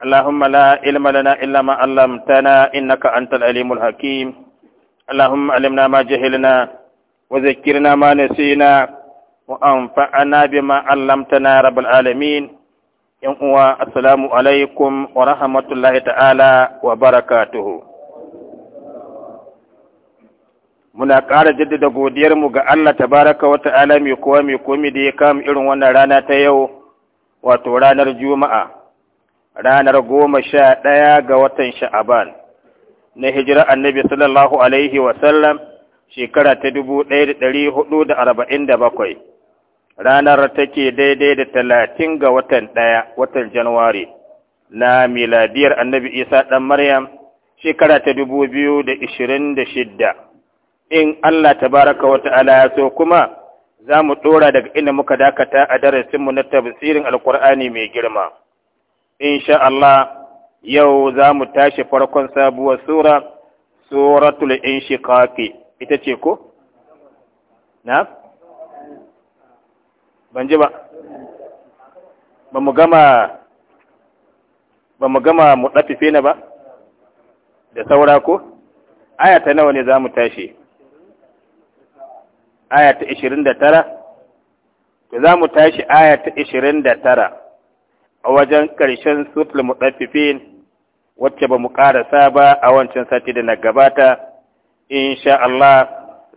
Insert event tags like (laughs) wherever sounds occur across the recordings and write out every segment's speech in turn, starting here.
اللهم لا علم لنا إلا ما علمتنا إنك أنت العليم الحكيم اللهم علمنا ما جهلنا وذكرنا ما نسينا وأنفعنا بما علمتنا رب العالمين يوم السلام عليكم ورحمة الله تعالى وبركاته muna ƙara jaddada godiyarmu ga Allah tabaraka wa ta'ala mai kowa mai komi da ya kama irin wannan rana ta yau wato ranar juma'a ranar goma sha ɗaya ga watan sha'aban na hijira annabi sallallahu alaihi wasallam shekara ta dubu ɗaya da ɗari hudu da arba'in da bakwai ranar take daidai da talatin ga watan ɗaya watan januwari na miladiyar annabi isa ɗan maryam shekara ta dubu biyu da ishirin da shidda in allah tabaraka wa ta'ala ya so kuma za mu ɗora daga inda muka dakata a darasinmu na tafsirin alkur'ani mai girma insha Allah yau za mu tashi farkon sabuwar sura suratul inshiqaqi ita ce ko na ban ji ba ba mu gama mu ɗafi fina ba da saura ko Ayata nawa ne za mu tashi ishirin da tara? to za mu tashi ayata ishirin da tara. a wajen ƙarshen mu mutaffifin wacce ba mu ƙarasa ba a wancan sati da na gabata insha Allah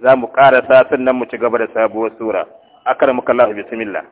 za mu ƙarasa sannan mu ci gaba da sabuwar sura akar muka Allah bismillah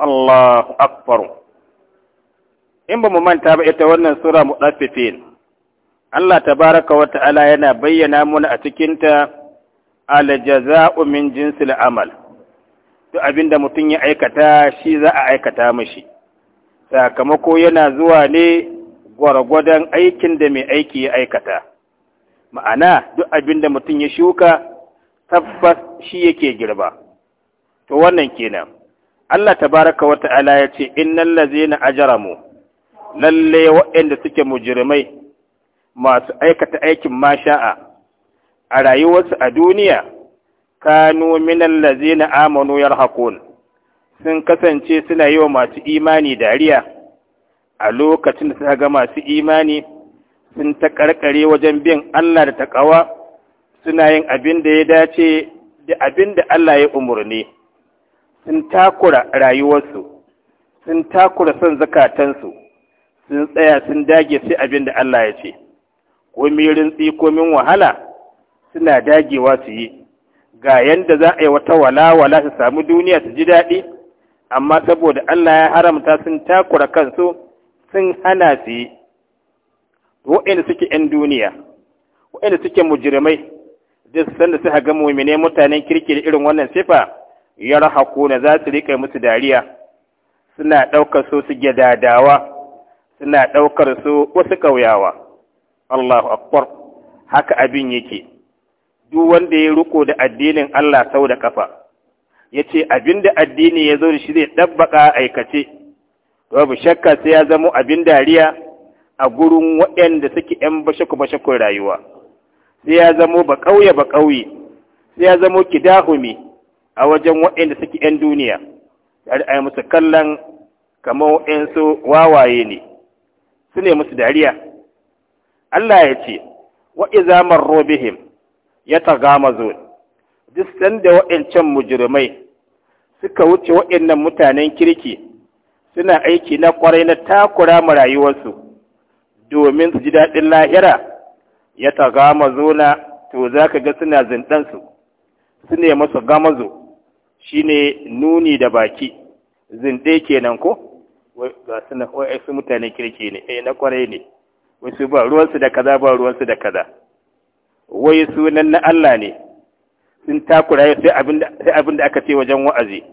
Allahu akbar in ba mu manta ba ita wannan sura mudaffifin Allah tabaraka wa ta'ala yana bayyana mana a cikinta aljaza'u min jinsil amal to abinda mutum ya aikata shi za a aikata mashi sakamako yana zuwa ne gwargwadon aikin da mai aiki ya aikata ma'ana duk abinda mutum ya shuka tabbas shi yake girba to wannan kenan Allah tabaraka wa ta'ala ya ce na ajara mu. lalle waɗanda suke mujirmai masu aikata aikin masha'a a rayuwarsu a duniya kanu minal ladzina amanu yarhaqun sun kasance suna yi wa masu imani dariya a lokacin da suka ga masu imani sun ta wajen bin Allah da ƙawa, suna yin abin da ya dace da abin da Allah ya umurni sun takura rayuwarsu sun takura son zakatansu sun tsaya sun dage sai abin da Allah ya ce komi rintsi komin wahala suna dagewa su yi ga yanda za a yi wata walawala su samu duniya su ji daɗi amma saboda Allah ya haramta sun takura kansu sun hana su yi wa'inda suke 'yan duniya wa'inda suke mujirmai duk sanda suka ga mumine mutanen kirki da irin wannan sifa Yar yarhaquna za su rika musu dariya suna ɗaukar su su gyadadawa suna ɗaukar su wasu ƙauyawa Allahu akbar haka abin yake duk wanda ya ruko da addinin Allah sau da kafa abin da addini ya zo da shi zai dabbaka aikace babu shakka sai ya zamo abin dariya a gurin waɗanda suke ‘yan bashaku-bashakun rayuwa, sai ya zamo ba ƙauye ba ƙauye, sai ya zamo kidahumi, a wajen waɗanda suke 'yan duniya da a yi musu kallon kamar waɗansu wawaye ne su ne musu dariya Allah ya ce wa’i zamar robihim ya ta gama zo duk sanda waɗancan mujirmai suka wuce waɗannan mutanen kirki suna aiki na kwarai na takura marayuwarsu domin su ji daɗin lahira ya ta zo na to za ka ga suna zindansu su ne masu gamazo shine nuni da baki zinde kenan ko ga suna wai su mutane kirki ne eh na kware ne wai su ba ruwansu da kaza ba ruwansu da kaza wai sunan na Allah ne sun takura sai sai abin da aka ce wajen wa'azi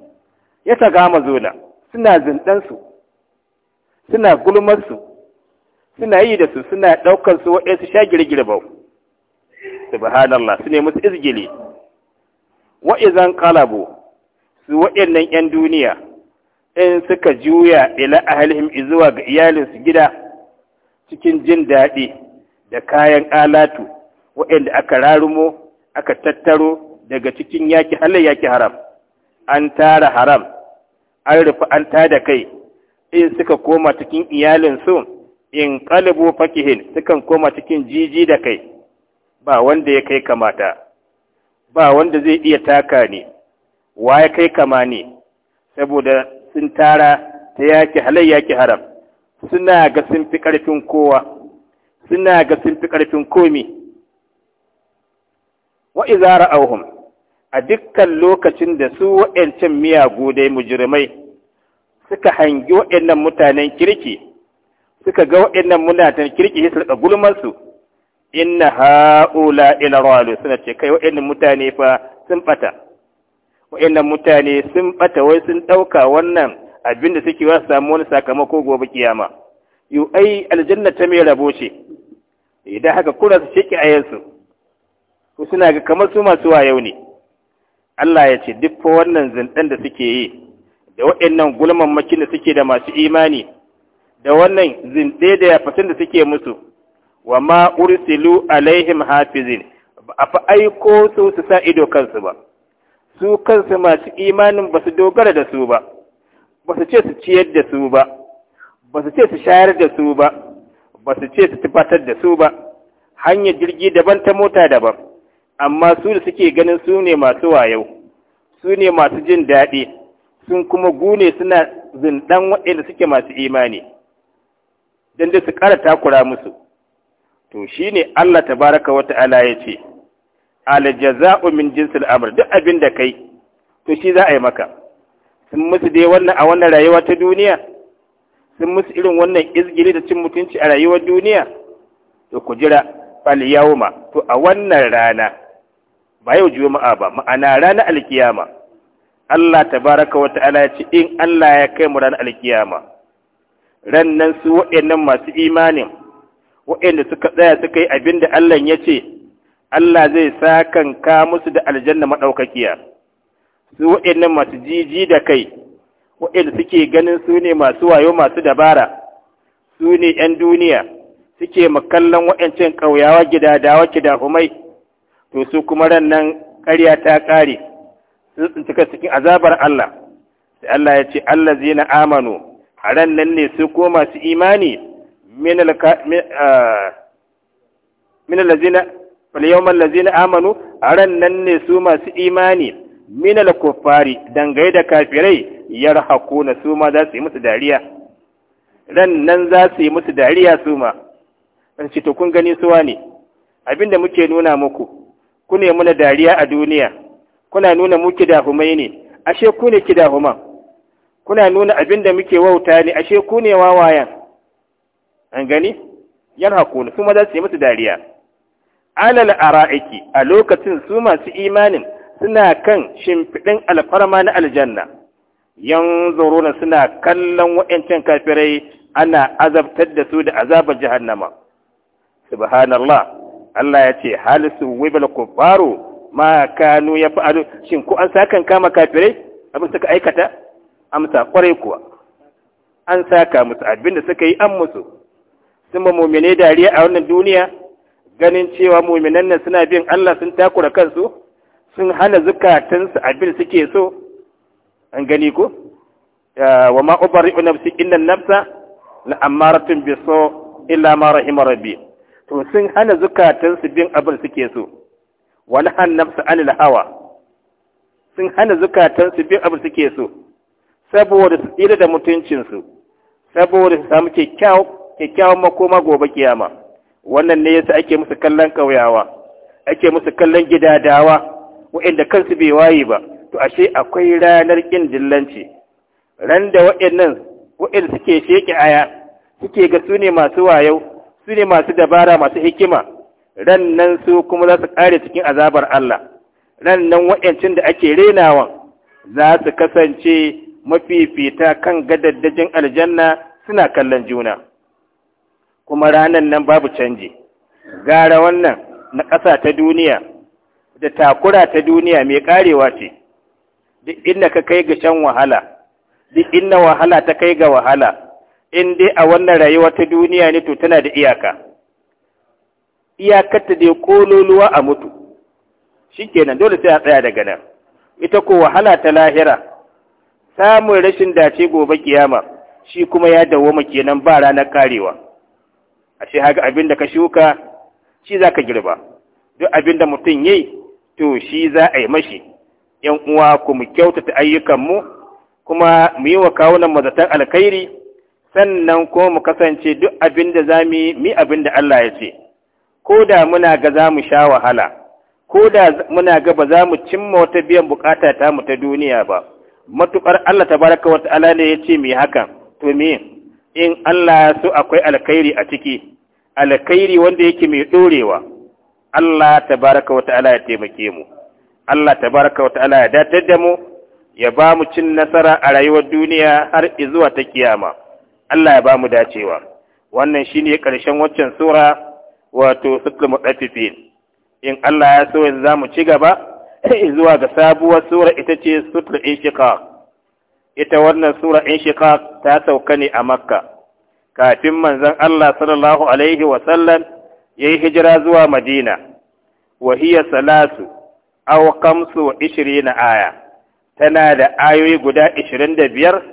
ya ta gama zuna. suna zindan su suna gulmar su suna yi da su suna daukar su wai su sha girgirbau subhanallah su ne musu izgili wa idan qalabu su waɗannan 'yan duniya in suka juya ila ahalihim zuwa ga iyalinsu gida cikin jin daɗi da kayan alatu waɗanda aka rarumo aka tattaro daga cikin yaki halar yaki haram an tara haram an rufe an da kai in suka koma cikin iyalinsu in ƙalibu fakihin sukan koma cikin jiji da kai ba wanda ya kai kamata ba wanda zai iya taka ne Wa ya kai kama ne saboda sun tara ta yaki halai yaki haram suna ga sun fi ƙarfin kowa suna ga sun fi ƙarfin komi wa izara auhum a dukkan lokacin da su wa'ancan miyagu dai mujirmai suka hangi wa'annan mutanen kirki suka ga wa'annan mutanen kirki su gulmansu, gulman su inna haula ila ralu suna ce kai wa'annan mutane fa sun bata wa'annan mutane sun bata wai sun ɗauka wannan abin da suke wa samu wani sakamako gobe kiyama yu ai aljanna ta mai rabo ce idan haka kuna su sheki ayansu ko suna ga kamar su masu wayo ne Allah ya ce duk wannan zindan da suke yi da gulman makin da suke da masu imani da wannan zinde da yafatin da suke musu wa ma ursilu alaihim hafizin ba a fa aiko su su sa ido kansu ba su kansu masu imanin ba su dogara da su ba ba su ce su ciyar da su ba ba su ce su shayar da su ba ba su ce su tufatar da su ba hanyar jirgi daban ta mota daban amma su da suke ganin su ne masu wayau su ne masu jin daɗi sun kuma gune suna zindan waɗanda suke masu imani don da su ƙara takura musu to shi ne Allah baraka wata ala ya ce aljaza'u min jinsil amr duk abin da kai to shi za a yi maka sun musu dai wannan a wannan rayuwa ta duniya sun musu irin wannan izgiri da cin mutunci a rayuwar duniya to ku jira fal yawma to a wannan rana ba yau juma'a ba ma'ana rana alkiyama Allah tabaraka wa ta'ala ya ce in Allah ya kai mu ranar alkiyama ran nan su waɗannan masu imanin waɗanda suka tsaya suka yi abin Allah ya ce Allah zai sakanka musu da aljanna maɗaukakiya. su wa'annan masu jiji da kai wa'anda suke ganin su ne masu wayo masu dabara su ne 'yan duniya suke makallon wa'ancin ƙauyawa gidadawa kidahumai to su kuma ran nan ƙarya ta ƙare sun tsintuka cikin azabar Allah sai Allah ya ce Allah zai na amanu a ran nan ne su ko masu imani min alazina fal yawmal na amanu ran nan ne su masu imani minal kuffari dangai da kafirai na su ma za su yi musu dariya ran nan za su yi musu dariya su ma an ci to kun gani suwa ne abinda muke nuna muku ku ne muna dariya a duniya kuna nuna muke da humai ne ashe ku ne ki da human kuna nuna abinda muke wauta ne ashe ku ne wawayan an gani yan na su ma za su yi musu dariya alal ara'iki a lokacin su masu imanin suna kan shimfiɗin alfarma na aljanna yan zorona suna kallon wa'yancin kafirai ana azabtar da su da azabar jahannama subhanallah Allah ya ce halisu wibal kufaru ma kanu ya fa'alu shin ko an sakan kama kafirai abin suka aikata amsa kwarai kuwa an saka musu abin da suka yi an musu sun ba dariya a wannan duniya ganin cewa muminan nan suna bin Allah sun takura kansu sun hana zukatansu abin suke so an gani ko wa ma ubari'u nafsi inna nafsa la amaratun bi so illa ma rahima rabbi to sun hana zukatansu bin abin suke so wa nahan nafsa anil hawa sun hana zukatansu bin abin suke so saboda su tsira da mutuncinsu saboda su samu kyakkyawan makoma gobe kiyama wannan ne yasa ake musu kallon ƙauyawa ake musu kallon gidadawa wa'inda kansu bai waye ba to ashe akwai ranar ƙin dillanci ran da wa'innan wa'in suke sheƙi aya suke ga su ne masu wayo su ne masu dabara masu hikima ran nan su kuma za su ƙare cikin azabar Allah ran nan wa'incin da ake renawa za su kasance mafifita kan gadaddajin aljanna suna kallon juna. kuma ranar nan babu canji gara wannan na ƙasa ta duniya da takura ta duniya mai ƙarewa ce duk inda ka kai ga shan wahala duk inda wahala ta kai ga wahala in dai a wannan rayuwa ta duniya ne to tana da iyaka iyakarta dai kololuwa a mutu shikenan dole sai a tsaya daga nan ita ko wahala ta lahira samun rashin dace gobe kiyama shi kuma ya dawoma kenan ba ranar karewa A ce haka abin da ka shuka shi za ka girba duk abin da mutum yi to shi za a yi mashi ‘yan uwa ku mu kyautata ayyukanmu kuma mu yi wa kawunan mazatan alkhairi sannan kuma mu kasance duk abin da za mu yi abin da Allah ya ce ko da muna ga za mu sha wahala ko da muna ga ba za mu cimma wata biyan bukata ta mu ta duniya ba matuƙar Allah tabaraka wa ta'ala ne ya ce mu yi hakan to me in Allah ya so akwai alkhairi a ciki alkhairi wanda yake mai ɗorewa. Allah baraka wa ta'ala ya taimake mu Allah baraka wa ta'ala ya datar da mu ya ba mu cin nasara a rayuwar duniya har zuwa ta kiyama Allah ya ba mu dacewa wannan shi ne ƙarshen waccan sura wato in Allah ya so yanzu mu ci gaba (clears throat) zuwa ga sabuwar sura ita ce sura inshiqaq ita wannan sura in Shika' ta sauka ne a makka kafin manzon Allah sallallahu alaihi wa sallam yayi hijira zuwa madina wa hiya salasu aw kamsu wa ishrina aya tana da ayoyi guda 25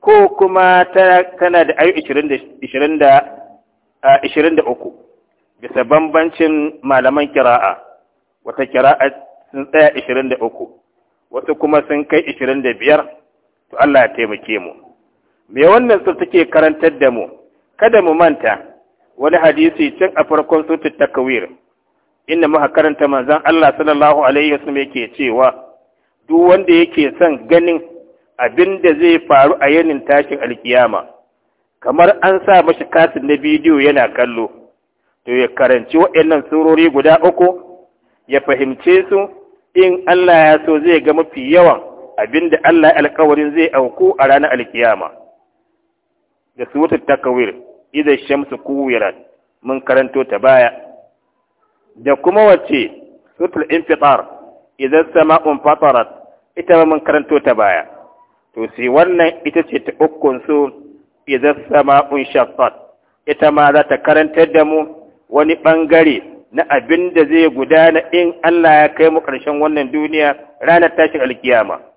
ko kuma tana da ayoyi 20 23 bisa bambancin malaman kira'a wata kira'a sun tsaya 23 wasu kuma sun kai biyar. to Allah ya taimake mu me wannan sun take karantar da mu kada mu manta wani hadisi can a farkon sutu takwir inda muka karanta manzon Allah sallallahu alaihi wasallam yake cewa duk wanda yake son ganin abin da zai faru a yanin tashin alkiyama kamar an sa mashi katin na bidiyo yana kallo to ya karanci waɗannan surori guda uku ya fahimce su in Allah ya so zai ga mafi yawan abinda Allah alkawarin zai auku a ranar alkiyama da suratul takawir idan shamsu kuwirat mun karanto ta baya da kuma wace sutul infitar idan sama'un fatarat ita ma mun karanto ta baya to sai wannan ita ce ta ukkun su idan sama'un shaqqat ita ma za ta karantar da mu wani bangare na abin da zai gudana in Allah ya kai mu ƙarshen wannan duniya ranar tashin alkiyama.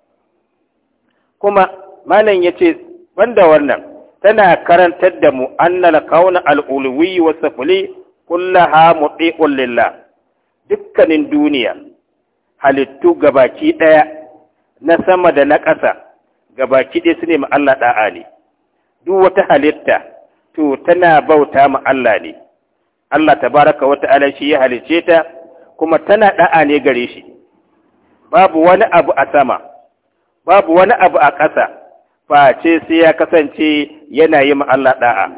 kuma malam ce, banda wannan tana karantar da mu annal kauna al wa safli kullaha lillah dukkanin duniya halittu gabaki ɗaya na sama da na ƙasa gabaki ɗaya su ne ma Allah ɗa’a ne duk wata halitta to tana bauta ma Allah ne Allah ta wata wata shi ya halicce ta kuma tana ɗa'a ne gare shi babu wani abu a sama babu wani abu a ƙasa face sai ya kasance yana yi ma Allah da'a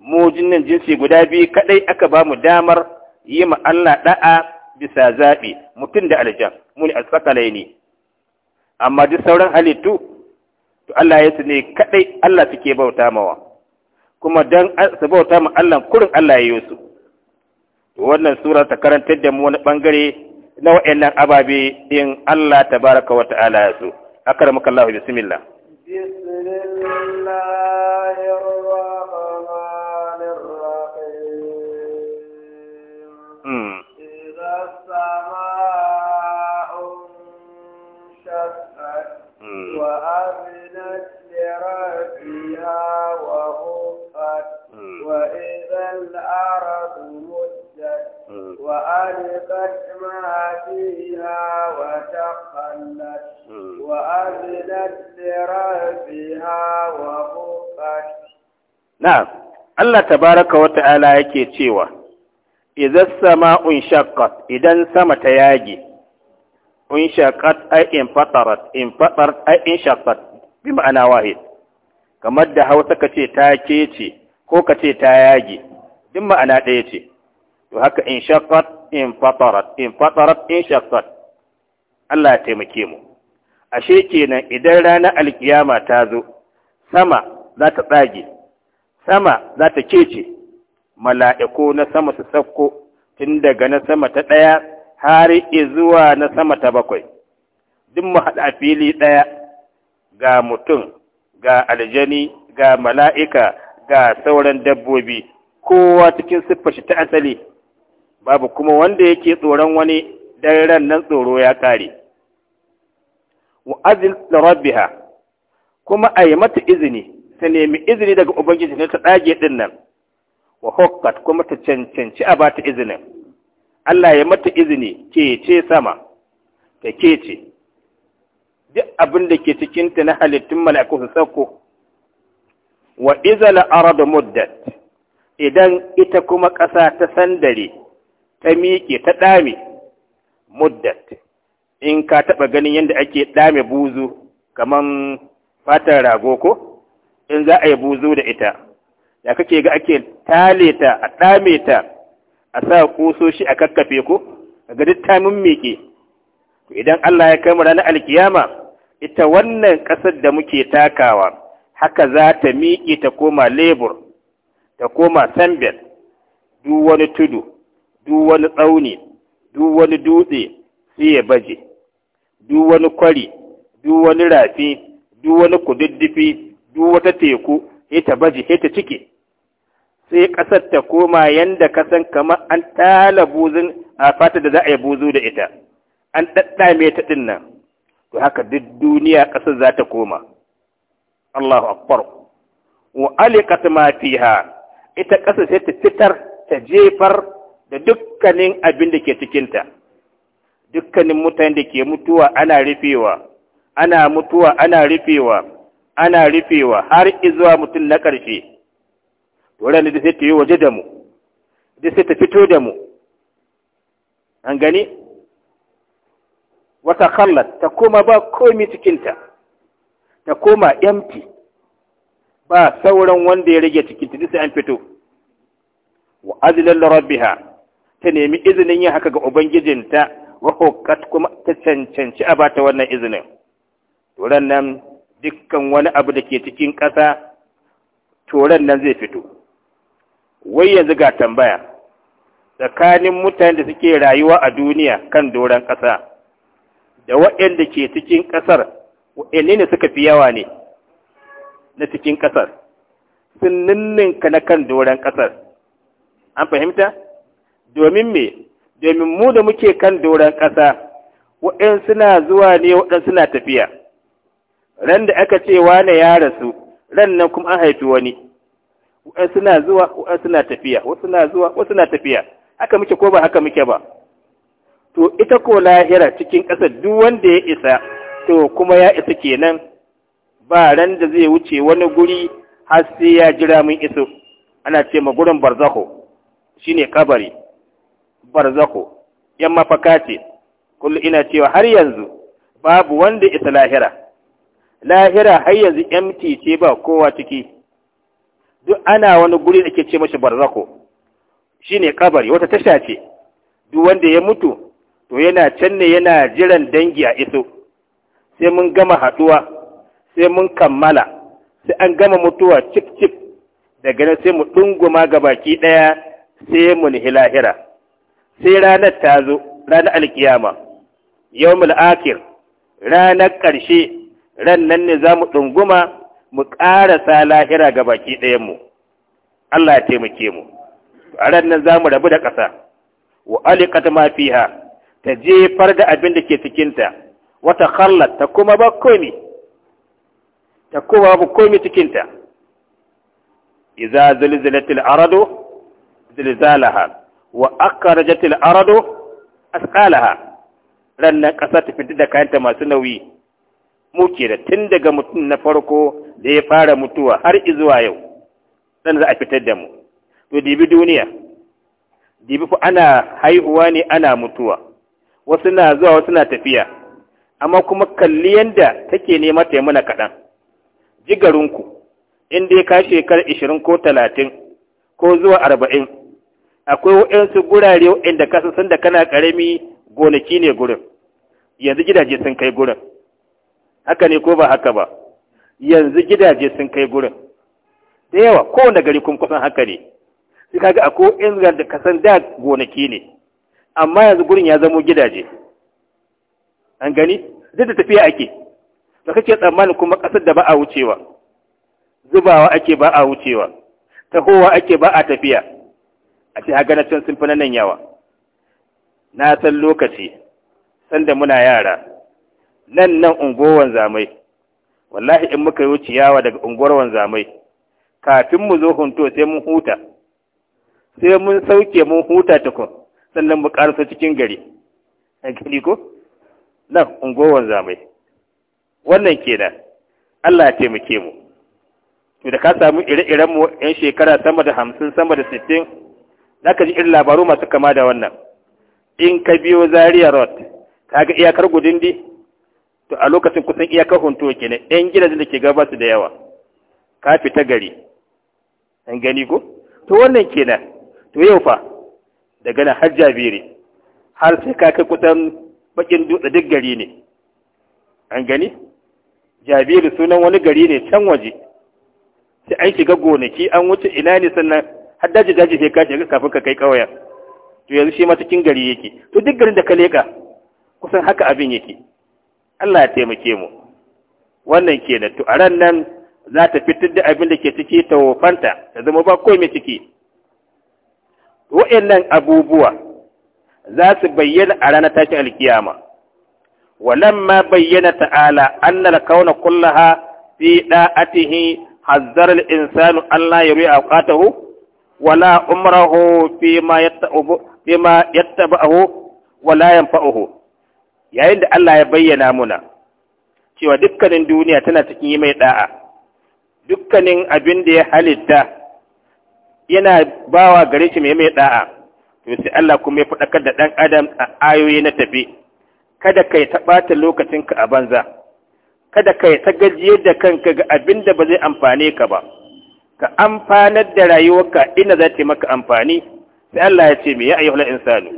mu jinnin jinsi guda biyu kaɗai aka ba mu damar yi ma Allah da'a bisa zaɓi mutum da aljan mu ne alsakalai ne amma duk sauran halittu to Allah ya ne kadai Allah suke bauta mawa kuma dan su bauta ma Allah kurin Allah ya yi su wannan sura ta karantar da mu wani bangare na wa'annan ababe in Allah ta baraka wa ta'ala ya so أكرمك الله بسم الله بسم الله الرحمن الرحيم إذا السماء انشقت وأذنت لربها وغفت وإذا الأرض مدت وألقت ما فيها وتخلت وأذنت لربها وحقت نعم الله تبارك وتعالى yake cewa idza sama'un shaqqat idan sama ta yage in shaqqat ay in fatarat in fatarat ay in shaqqat bi ma'ana wahid kamar da Hausa kace ta kece ko kace ta yage duk ma'ana ɗaya ce to haka in shakat, in fatarat in fatarat in shaqqat Allah ya taimake mu ashe kenan idan ranar alkiyama ta zo sama za ta tsage sama za ta kece mala'iku na sama su sauko tun daga na sama ta ɗaya har zuwa na sama ta bakwai duk mu haɗa fili ɗaya ga mutum ga aljani ga mala'ika ga sauran dabbobi kowa cikin shi ta asali babu kuma wanda yake tsoron wani dan ran nan tsoro ya kare wa azin rabbiha kuma ayi mata izini ta nemi izini daga ubangiji ne ta dage din nan wa hokkat kuma ta cancanci a bata izinin Allah ya mata izini ke ce sama ta ke ce duk abin da ke cikinta na halittun mala'iku su sauko wa izala arad muddat idan ita kuma ƙasa ta sandare ta miƙe ta ɗame muddat in ka taɓa ganin yadda ake ɗame buzu kaman fatar rago ko in za a yi buzu da ita da kake ga ake tale ta a ɗame ta a sa kusoshi a kakkafe ko ga duk ta miƙe idan Allah ya kai mu ranar alkiyama ita wannan ƙasar da muke takawa haka za ta miƙe ta koma lebur ta koma sambel duk wani tudu duk wani tsauni duk wani dutse sai ya baje duk wani kwari duk wani rafi duk wani kududdufi duk wata teku sai ta baje sai ta cike sai ƙasar ta koma yanda kasan kamar an tala buzun a fata da za a yi buzu da ita an ɗaɗɗame ta ɗin nan to haka duk duniya ƙasar za ta koma Allahu akbar wa alikat ma fiha ita ƙasa sai ta fitar ta jefar da dukkanin abin da ke cikinta dukkanin mutane da ke mutuwa ana rufewa ana mutuwa ana rufewa ana rufewa har izuwa mutum na ƙarshe wurin da sai ta yi waje da mu da sai ta fito da mu an gani wata kallar ta koma ba komi cikinta ta koma empty ba sauran wanda ya rage cikinta duk sai an fito wa azilan rabbiha ta nemi izinin yin haka ga ubangijinta wa hukat kuma ta cancanci a bata wannan izinin turan nan dukkan wani abu da ke cikin ƙasa turan nan zai fito wai yanzu ga tambaya tsakanin mutanen da suke rayuwa a duniya kan doron ƙasa da waɗanda ke cikin ƙasar waɗanne ne suka fi yawa ne na cikin ƙasar sun ninninka na kan doron ƙasar an fahimta domin me domin mu da muke kan doron ƙasa waɗansu suna zuwa ne waɗansu suna tafiya ran da aka ce wane ya rasu ran nan kuma an haifi wani waɗansu suna zuwa waɗansu suna tafiya wasu suna zuwa wasu suna tafiya haka muke ko ba haka muke ba to ita ko lahira cikin ƙasa duk wanda ya isa to kuma ya isa kenan ba ran da zai wuce wani guri har sai ya jira mun iso ana ce ma gurin barzaho shine kabari barzako yan mafaka ce kullu ina cewa har yanzu babu wanda isa lahira lahira har yanzu empty ce ba kowa ciki duk ana wani guri da ke ce mashi barzako ne kabari wata tasha ce duk wanda ya mutu to yana can ne yana jiran dangi a iso sai mun gama haɗuwa, sai mun kammala sai an gama mutuwa cip-cip, daga nan sai mu dunguma ga baki daya sai mu lahira. sai ranar ta zo ranar alkiyama yawmul akhir ranar ƙarshe rannan ne za mu ɗunguma mu ƙarasa lahira ga baki ɗayanmu Allah ya taimake mu a rannan za mu rabu da ƙasa wa aliqat ma fiha ta jefar da abin da ke cikinta wata khallat ta kuma ba komi ta kuma ba komi cikinta idza zulzilatil aradu zilzalaha wa akhrajatil arado asqalaha ranna ƙasa ta fita da kayanta masu nauyi muke da tun daga mutum na farko da ya fara mutuwa har izuwa yau dan za a fitar da mu to dibi duniya dibi fa ana haihuwa ne ana mutuwa wasu na zuwa wasu na tafiya amma kuma kalli yanda take nema ta mana kaɗan jigarinku in dai ka shekar ishirin ko talatin ko zuwa arba'in akwai waɗansu gurare inda kasa sun da kana ƙarami gonaki ne gurin yanzu gidaje sun kai gurin haka ne ko ba haka ba yanzu gidaje sun kai gurin da yawa kowane gari kuma kusan haka ne sai kaga akwai waɗansu da ka san da gonaki ne amma yanzu gurin ya zamo gidaje an gani duk da tafiya ake da kake tsammanin kuma ƙasar da ba a wucewa zubawa ake ba a wucewa tahowa ake ba a tafiya a ce haga na can sun fi nan yawa na san lokaci sanda muna yara nan nan unguwar zamai wallahi in muka yi ciyawa daga unguwar zamai kafin mu zo hunto sai mun huta sai mun sauke mun huta kun sannan mu karasa cikin gari a gani ko nan unguwar zamai wannan kenan Allah ya taimake mu to da ka samu ire-iren mu 'yan shekara sama da hamsin sama da sittin za ka ji irin labaru masu kama da wannan in ka biyo zaria road ka ga iyakar gudindi to a lokacin kusan iyakar hunto ne, ɗan gidajen da ke gaba su da yawa ka fita gari an gani ko to wannan kenan to yau fa daga nan har jabiri har sai ka kai kusan bakin dutse duk gari ne an gani jabiru sunan wani gari ne can waje sai an shiga gonaki an wuce ina ne sannan har daji daji sai ka shiga kafin ka kai ƙauyen to yanzu shi ma cikin gari yake to duk garin da ka leka. kusan haka abin yake Allah ya taimake mu wannan kenan to a ran nan za ta fitar da abin da ke ciki ta wofanta ta zama ba mai ciki wa'annan abubuwa za su bayyana a ranar tashin alkiyama walamma bayyana ta'ala annal kauna kullaha fi da'atihi hazzar al-insanu Allah la a qatahu wala umrahu fima yattabu fima yattabahu wala yanfa'uhu yayin da Allah ya bayyana muna cewa dukkanin duniya tana cikin yi mai da'a dukkanin abin da ya halitta yana bawa gare shi mai mai da'a to sai Allah kuma ya fadakar da dan adam a ayoyi na tafi kada kai ta bata lokacinka a banza kada kai ta gajiyar da kanka ga abin da ba zai amfane ka ba ka amfanar da rayuwarka ina za ta maka amfani sai Allah ya ce me ya ayyuhal insanu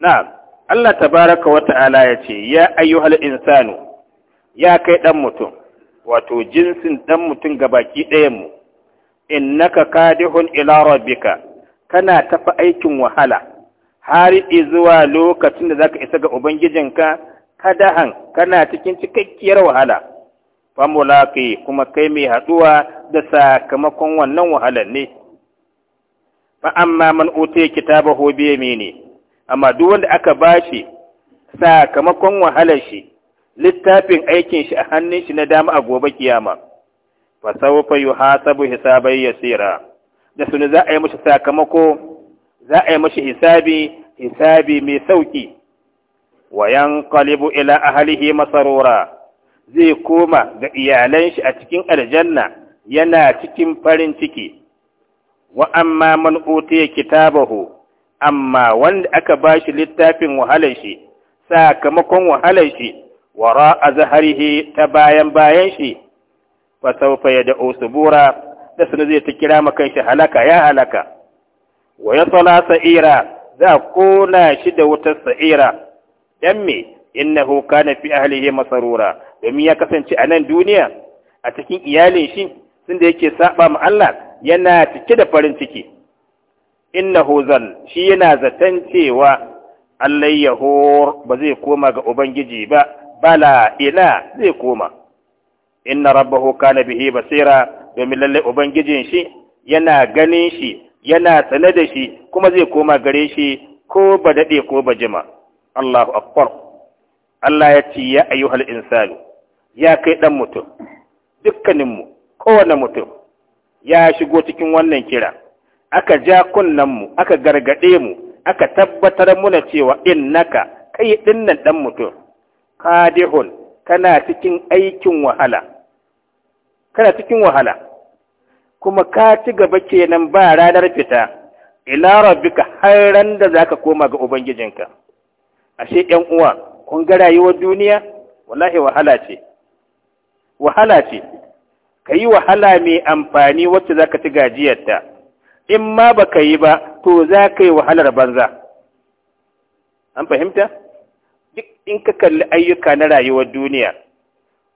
na'am Allah tabaraka wa ta'ala ya ce ya ayyuhal insanu ya kai dan mutum wato jinsin ɗan mutum ga baki ɗayan mu innaka kadihun ila rabbika kana tafa aikin wahala har zuwa lokacin da za ka isa ga ubangijinka kadahan kana cikin cikakkiyar wahala famulaki kuma kai mai haɗuwa da sakamakon wannan wahalar ne fa man utiya kitabahu bi ne. amma duk wanda aka bashi sakamakon wahalar shi littafin aikin shi a hannun shi na dama a gobe kiyama fa sawfa yuhasabu hisabai yasira da sunu za a yi mashi sakamako za a yi mashi hisabi hisabi mai sauki wa yanqalibu ila ahlihi masarura zai koma ga iyalan shi a cikin aljanna yana cikin farin ciki wa amma man utiya kitabahu amma wanda aka ba shi littafin wahalar shi sakamakon wahalar shi wara a zaharihi ta bayan bayan shi fa saufa ya da osubura da suna zai ta kira makan shi halaka ya halaka wa ya sala sa'ira za kona shi da wutar sa'ira dan me innahu kana fi ahlihi masarura domin ya kasance a nan duniya a cikin iyalin shi tunda yake saba ma Allah yana cike da farin ciki innahu zan shi yana zaton cewa Allah yahur ba zai koma ga ubangiji ba bala ina zai koma inna rabbahu kana bihi basira domin lallai ubangijin shi yana ganin shi yana sane da shi kuma zai koma gare shi ko ba dade ko ba jima Allahu akbar Allah ya ce ya ayyuhal insani ya kai ɗan mutum dukkaninmu kowane mutum ya shigo cikin wannan kira aka ja kunnanmu aka gargaɗe mu aka tabbatar muna cewa innaka kai dinnan dan mutum qadihun kana cikin aikin wahala kana cikin wahala kuma ka ci gaba kenan ba ranar fita ila rabbika har ran da zaka koma ga ubangijinka ashe yan uwa kun ga rayuwar duniya wallahi wahala ce wahala ce kayi wahala mai amfani wacce zaka ci gajiyarta in ma baka yi ba to za ka yi wahalar banza an fahimta duk in ka kalli ayyuka na rayuwar duniya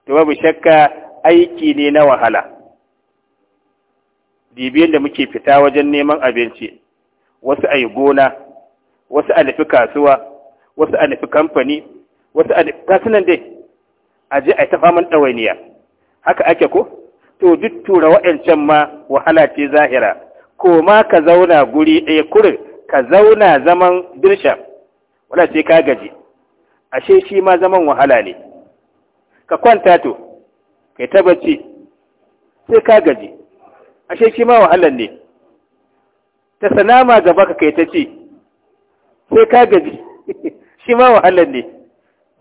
to babu shakka aiki ne na wahala dibiyar da muke fita wajen neman abinci wasu a yi gona wasu a nufi kasuwa wasu a nufi kamfani wasu a nufi kasunan dai a je a yi ta faman ɗawainiya haka ake ko to duk tura wa'ancan ma wahala ce zahira koma ka zauna guri ɗaya kurin ka zauna zaman birsha wala sai ka gaji ashe shi ma zaman wahala ne ka kwanta to kai ta bacci sai ka gaji ashe shi ma wahalan ne ta sanama gaba ka kai ta ci sai ka gaji (laughs) shi ma wahalan ne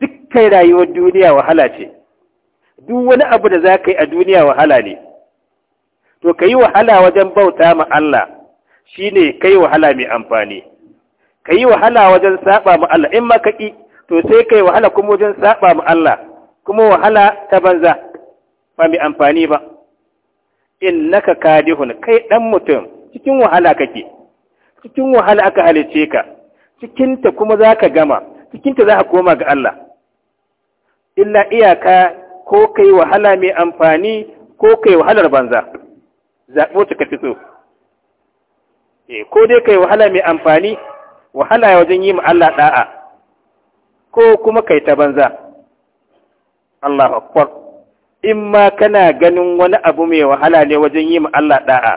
dukkan rayuwar duniya wahala ce duk wani abu da za ka yi a duniya wahala ne to ka yi wahala wajen bauta ma Allah shi ne ka yi wahala mai amfani ka yi wahala wajen saba ma Allah in ma ka ƙi to sai ka yi wahala kuma wajen saba ma Allah kuma wahala ta banza ba mai amfani ba in naka kadihun kai ɗan mutum cikin wahala kake cikin wahala aka halice ka cikinta kuma za ka gama cikinta za ka koma ga Allah illa iyaka ko kai wahala mai amfani ko kai wahalar banza zaɓo ta ka fi so eh, ko dai kai wahala mai amfani wahala wajen yi ma Allah ɗa'a ko kuma kai ta banza Allah akbar in ma kana ganin wani abu mai wahala ne wajen yi ma Allah ɗa'a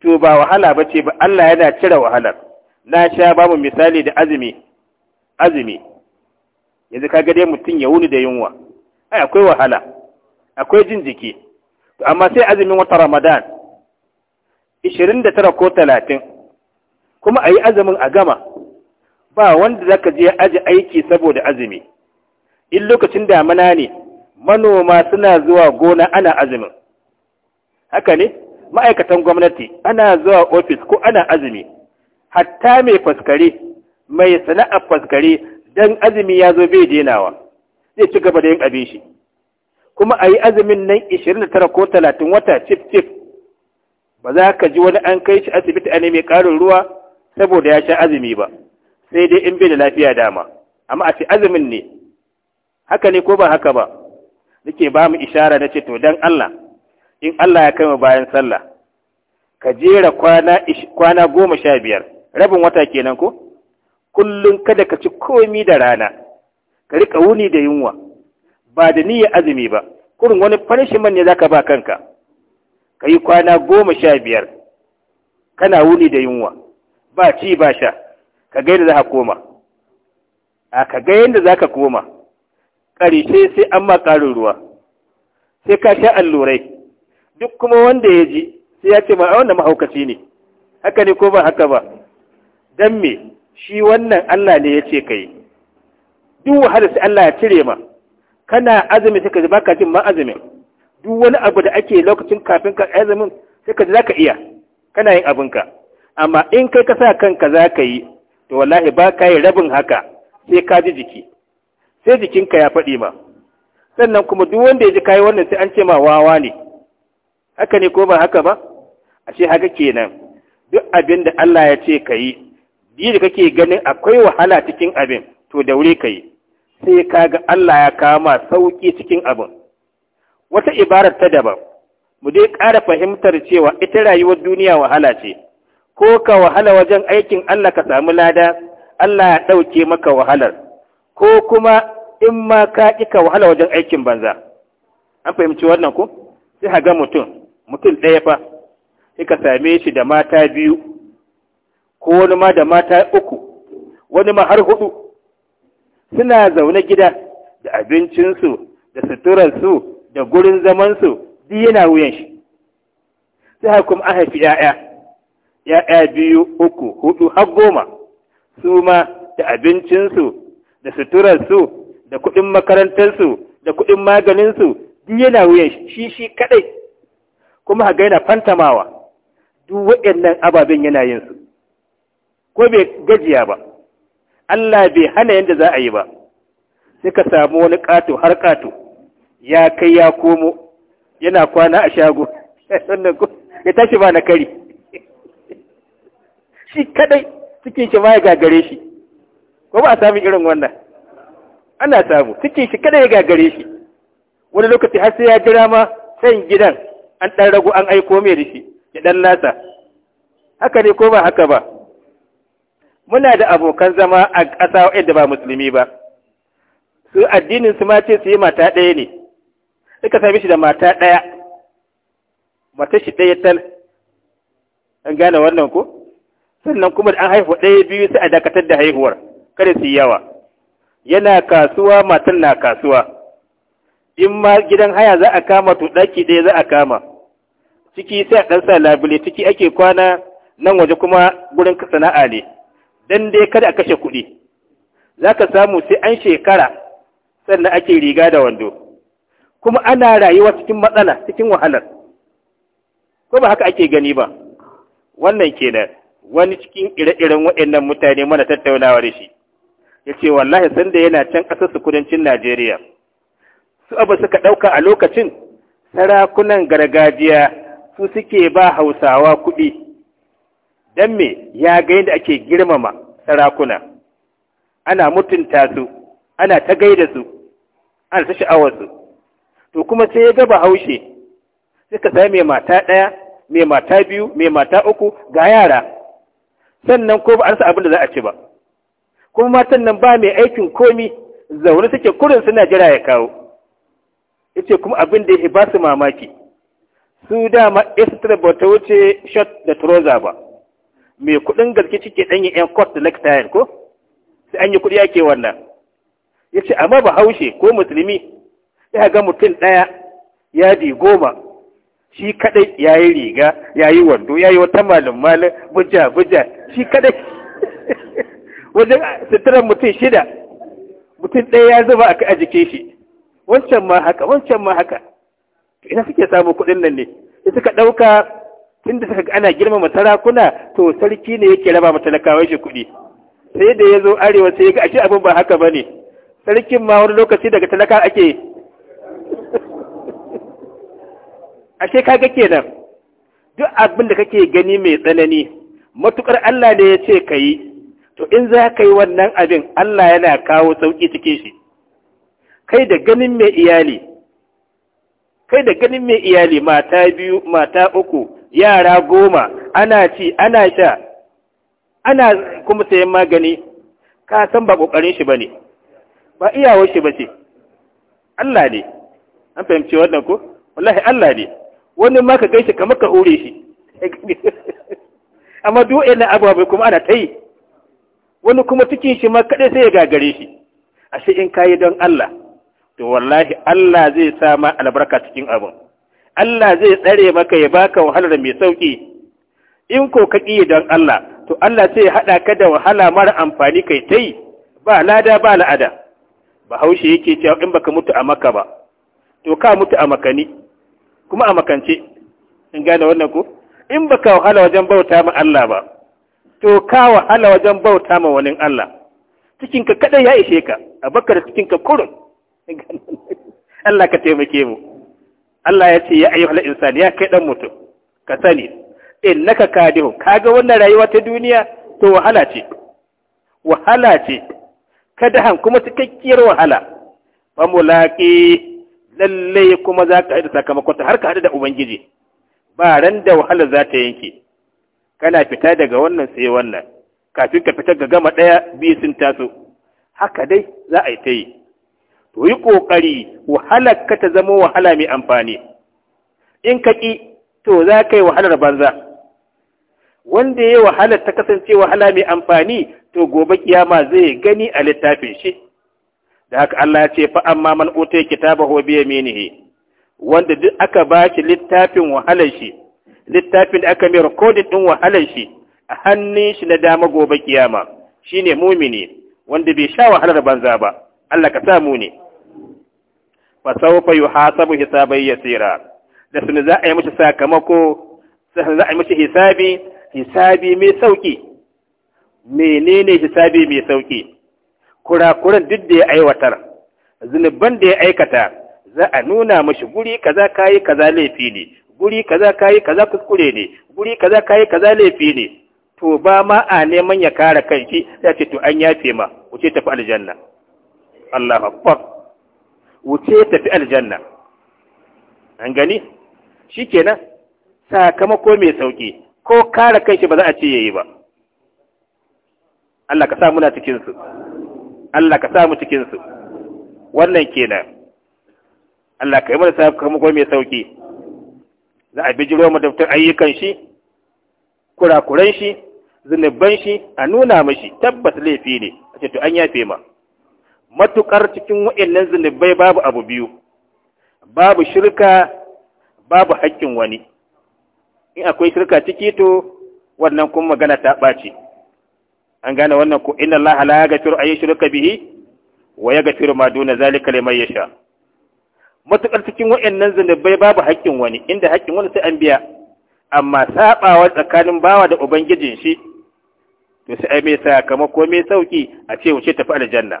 to ba wahala ba ce ba Allah yana cire wahalar na sha babu misali da azumi azumi yanzu ka dai mutum ya wuni da yunwa ai akwai wahala akwai jin jiki amma sai azumin wata ramadan tara ko talatin? kuma a yi azumin a gama ba wanda za ka je aji aiki saboda azumi in lokacin damana ne manoma suna zuwa gona ana azumin haka ne ma'aikatan gwamnati ana zuwa ofis ko ana azumi hatta mai faskare mai sana'ar faskare don azumi ya zo bai denawa zai ci gaba da yin abin shi kuma a yi azumin nan 29 ko talatin wata cif cif ba za ka ji wani an kai shi asibiti a mai karin ruwa saboda ya sha azumi ba sai dai in bai da lafiya dama amma a ce azumin ne haka ne ko ba haka ba nake ba mu ishara na ce to dan Allah in Allah ya kai mu bayan sallah ka jera kwana kwana goma sha biyar rabin wata kenan ko kullum kada ka ci komi da rana ka rika wuni da yunwa ba da niyya azumi ba kurin wani punishment ne za ka ba kanka ka yi kwana goma sha biyar kana wuni da yunwa ba ci ba sha ka ga yadda za ka koma a ka ga yadda za ka koma ƙarshe sai an ma ƙarin ruwa sai ka sha allurai duk kuma wanda ya ji sai ya ce ba a wannan mahaukaci ne haka ne ko ba haka ba don me shi wannan Allah ne ya ce ka yi duk wahalar sai Allah ya cire ma kana azumi sai ka ji baka jin ma azumin duk wani abu da ake lokacin kafin ka azumin sai ka ji zaka iya kana yin abinka amma in kai ka sa kanka zaka yi to wallahi ba ka yi rabin haka sai ka ji jiki sai jikinka ya faɗi ma sannan kuma duk wanda ya ji kayi wannan sai an ce ma wawa ne haka ne ko ba haka ba ashe haka kenan duk abin da Allah ya ce ka yi da kake ganin akwai wahala cikin abin to da wuri ka yi sai ka ga Allah ya kama sauƙi cikin abin wata ibarar ta daban mu dai ƙara fahimtar cewa ita rayuwar duniya wahala ce ko ka wahala wajen aikin Allah ka samu lada Allah ya ɗauke maka wahalar ko kuma in ma ka ƙi ka wahala wajen aikin banza an fahimci wannan ko sai haga mutum mutum ɗaya fa sai ka same shi da mata biyu ko wani ma da mata uku wani ma har huɗu. suna zaune gida da abincinsu da suturarsu da gurin zamansu duk yana wuyan shi sai kuma an haifi ‘ya'ya ‘ya'ya biyu uku hudu har goma su ma da abincinsu da suturarsu da kuɗin makarantarsu da kuɗin maganinsu duk yana wuyan shi shi kaɗai kuma haga yana fantamawa duk waɗannan ababen yana yinsu ko bai gajiya ba Allah bai hana yadda za a yi ba sai ka samu wani ƙato har ƙato ya kai ya komo yana kwana a shago (laughs) ya tashi ba na kari (laughs) shi kadai cikin shi ma ya gagare shi ko ba a samun irin wannan ana samu cikin shi kadai ya gagare shi wani lokaci har sai ya jira ma san gidan an ɗan ragu an aiko mai da shi ya ɗan nasa haka ne ko ba haka ba muna da abokan zama a ƙasa yadda ba musulmi ba su addinin su ma ce su yi mata ɗaya ne suka sami shi da mata ɗaya mata shi ɗaya tal an gane wannan ku. sannan kuma an haifu ɗaya biyu su a dakatar da haihuwar kada su yi yawa yana kasuwa matan na kasuwa in ma gidan haya za a kama to ɗaki ɗaya za a kama ciki sai a ɗan labule ciki ake kwana nan waje kuma gurin sana'a ne dan dai kada a kashe kuɗi za ka samu sai an shekara sannan ake riga da wando kuma ana rayuwa cikin matsala cikin wahalar ko ba haka ake gani ba wannan kenan wani cikin ire-iren waɗannan mutane mana tattaunawa da shi ya ce wallahi sanda yana can ƙasar su kudancin najeriya su abu suka ɗauka a lokacin sarakunan gargajiya su suke ba hausawa kuɗi dan me ya ga yadda ake girmama sarakuna ana mutunta su ana ta gaida su ana ta sha'awar su to kuma sai ya gaba haushe suka sami mai mata ɗaya mai mata biyu mai mata uku ga yara sannan ko ba an sa abin da za a ci ba kuma matan nan ba mai aikin komi zaune suke kurin suna jira ya kawo yace kuma abin da ya ba su mamaki su dama estra ba ta wuce shot da trouser ba mai kuɗin gaske cike ɗanyen yan da lextile ko sai an yi kuɗi ke wannan ya ce amma ba haushe ko musulmi ya ga mutum ɗaya yadi goma shi kadai ya yi riga ya yi wando ya yi wata malin malin buja buja shi kadai (laughs) wajen suturar mutum shida mutum ɗaya ya zuba a kai jikin shi wancan ma haka wancan ma haka ina suke samun kuɗin nan ne Ya suka ɗauka inda suka ana girmama sarakuna to sarki ne yake raba ma talakawar shi kuɗi sai da ya zo arewa sai ya ga ashe abin ba haka ba ne sarkin ma wani lokaci daga talaka ake (laughs) ashe kaga kenan duk abin da kake gani mai tsanani matukar Allah ne ya ce ka yi to in za ka yi wannan abin Allah yana kawo sauki cikin shi kai da ganin mai iyali kai da ganin mai iyali mata biyu mata uku yara goma ana ci ana sha ana kuma sayan magani ka san ba ƙoƙarin shi ba ne ba iyawar shi ba ce Allah ne an fahimci wannan ko wallahi Allah ne wani ma ka gaishe kamar ka hure shi (laughs) amma duk ina ababai kuma ana ta yi wani kuma cikin shi ma kaɗai sai ya gagare shi ashe in kayi don Allah to wallahi Allah zai sa ma albarka cikin abin Allah zai tsare maka ya baka wahalar mai sauƙi in ko ka ƙi don Allah to Allah sai ya haɗa ka da wahala mara amfani kai ta yi ba lada ba la'ada bahaushe yake cewa in baka mutu a maka ba to ka mutu a makani kuma a makance in gane wannan ko in baka wahala wajen bauta ma Allah ba to ka wahala wajen bauta ma wani Allah cikin ka kadai ya ishe ka abakar cikin ka kurun (laughs) Allah ka taimake mu Allah ya ce ya ayyuhal insan ya kai dan mutum ka sani innaka kadihu kaga wannan rayuwa ta duniya to wahala ce wahala ce han kuma cikakkiyar wahala fa mulaki lalle kuma za ka haɗu sakamakon ta har ka haɗu da ubangiji ba ran da wahala za ta yanke kana fita daga wannan sai wannan kafin ka fita ga gama ɗaya biyu sun taso haka dai za a yi ta yi to yi ƙoƙari wahalar ka ta zama wahala mai amfani in ka ƙi to za ka yi wahalar banza wanda ya yi wahalar ta kasance wahala mai amfani to gobe kiyama zai gani a littafin shi da haka Allah ya ce fa amma man utai kitabahu bi yaminihi wanda duk aka ba shi littafin wahalar shi littafin da aka mai rikodin din wahalar shi a hannun shi na dama gobe kiyama shine mumini wanda bai sha wahalar banza ba Allah ka samu ne yi hasabu hisabai ya tsira, da suna za a yi mashi sakamako suna za a yi mashi hisabi hisabi mai sauki menene hisabi mai sauki kurakuran duk da ya aiwatar zunuban da ya aikata za a nuna mashi guri kaza kayi kaza laifi ne guri kaza kayi kaza kuskure ne guri kaza kayi kaza laifi ne to ba ma a neman ya kara kanki ya ce to an yafe ma ce tafi aljanna Allahu akbar wuce tafi aljanna an gani shikenan sakamako mai sauki ko kare kai shi ba za a ce yayi ba Allah ka sa muna cikin Allah ka sa mu cikin su wannan kenan Allah ka yi mana sakamako mai sauki za a bijiro mu daftar ayyukan shi kurakuran shi zunuban shi a nuna mashi tabbas laifi ne a ce to an yafe ma matukar cikin wa'annan zunubai babu abu biyu babu shirka babu haƙƙin wani in akwai shirka ciki to wannan kuma magana ta ɓaci an gane wannan ko inna Allah la yaghfiru ay shirka bihi wa yaghfiru ma duna zalika liman yasha matukar cikin wa'annan zunubai babu haƙƙin wani inda haƙƙin wani sai an biya amma sabawa tsakanin bawa da ubangijin shi to sai ai mai sakamako mai sauki a ce wuce tafi aljanna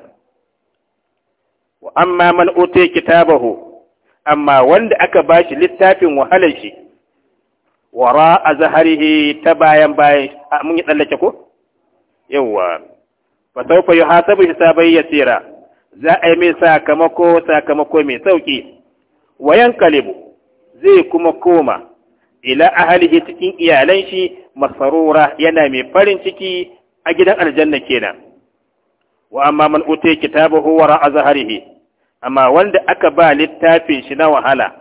wa amma man utiya kitabahu amma wanda aka bashi littafin wahalar shi wara a zaharihi ta bayan bayan a mun yi tsallake ko yawa fa sawfa yuhasabu hisabai yasira za a yi mai sakamako sakamako mai sauki wayan kalibu zai kuma koma ila ahalihi cikin iyalan shi masarura yana mai farin ciki a gidan aljanna kenan wa amma man utiya kitabahu wara azharihi amma wanda aka ba littafin shi na wahala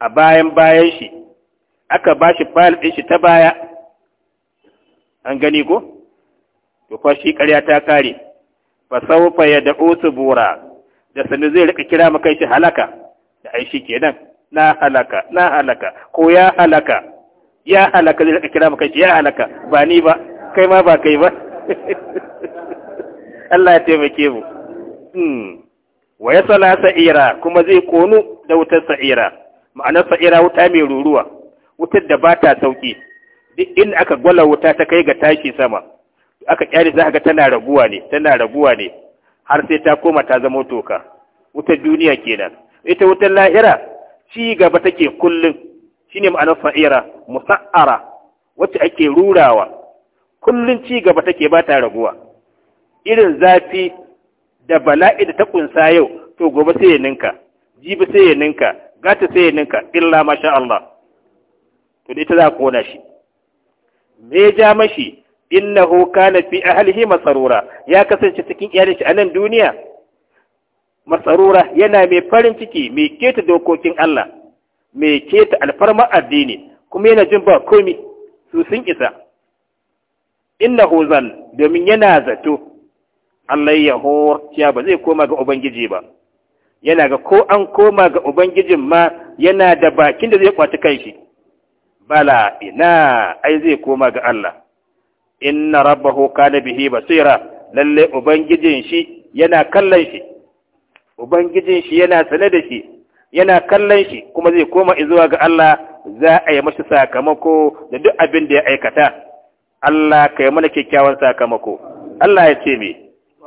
a bayan bayan shi aka ba shi fayil ɗin shi ta baya an gani ko to fa shi ƙarya ta kare fa sawfa yad'u subura da sanu zai rika kira maka shi halaka da ai shi kenan na halaka na halaka ko ya halaka ya halaka zai rika kira maka shi ya halaka ba ni ba kai ma ba kai ba (laughs) Allah ya taimake mu hmm. wa ya sala sa'ira kuma zai konu da wutar sa'ira ma'anar sa'ira wuta mai ruruwa wutar da ba ta sauƙi. duk in aka gwala wuta ta kai ga tashi sama aka kyale za ga tana raguwa ne tana raguwa ne har sai ta koma ta zama toka wutar duniya kenan ita wutar lahira ci gaba take kullum Shi ne ma'anar sa'ira musa'ara wacce ake rurawa kullum ci gaba take ba ta raguwa irin zafi da bala'i da ta kunsa yau to gobe sai ya ninka jibi sai ya ninka gata sai ya ninka illa masha Allah to dai ta za a kona shi me ja mashi innahu kana fi ahlihi masarura ya kasance cikin iyalin shi a nan duniya masarura yana mai farin ciki mai keta dokokin Allah mai keta alfarma addini kuma yana jin ba komi su sun isa innahu zan domin yana zato Allah ya horciya ba zai koma ga Ubangiji ba, yana ga ko an koma ga Ubangijin ma yana da bakin da zai kwaci kanshi, bala ina ai zai koma ga Allah, inna rabbahu na bihi basira lalle Ubangijin shi yana kallon shi, Ubangijin shi yana sane da shi, yana kallon shi kuma zai koma zuwa ga Allah za a yi masa sakamako da duk abin da ya aikata. Allah ka yi mana kyakkyawan sakamako. Allah ya ce mai,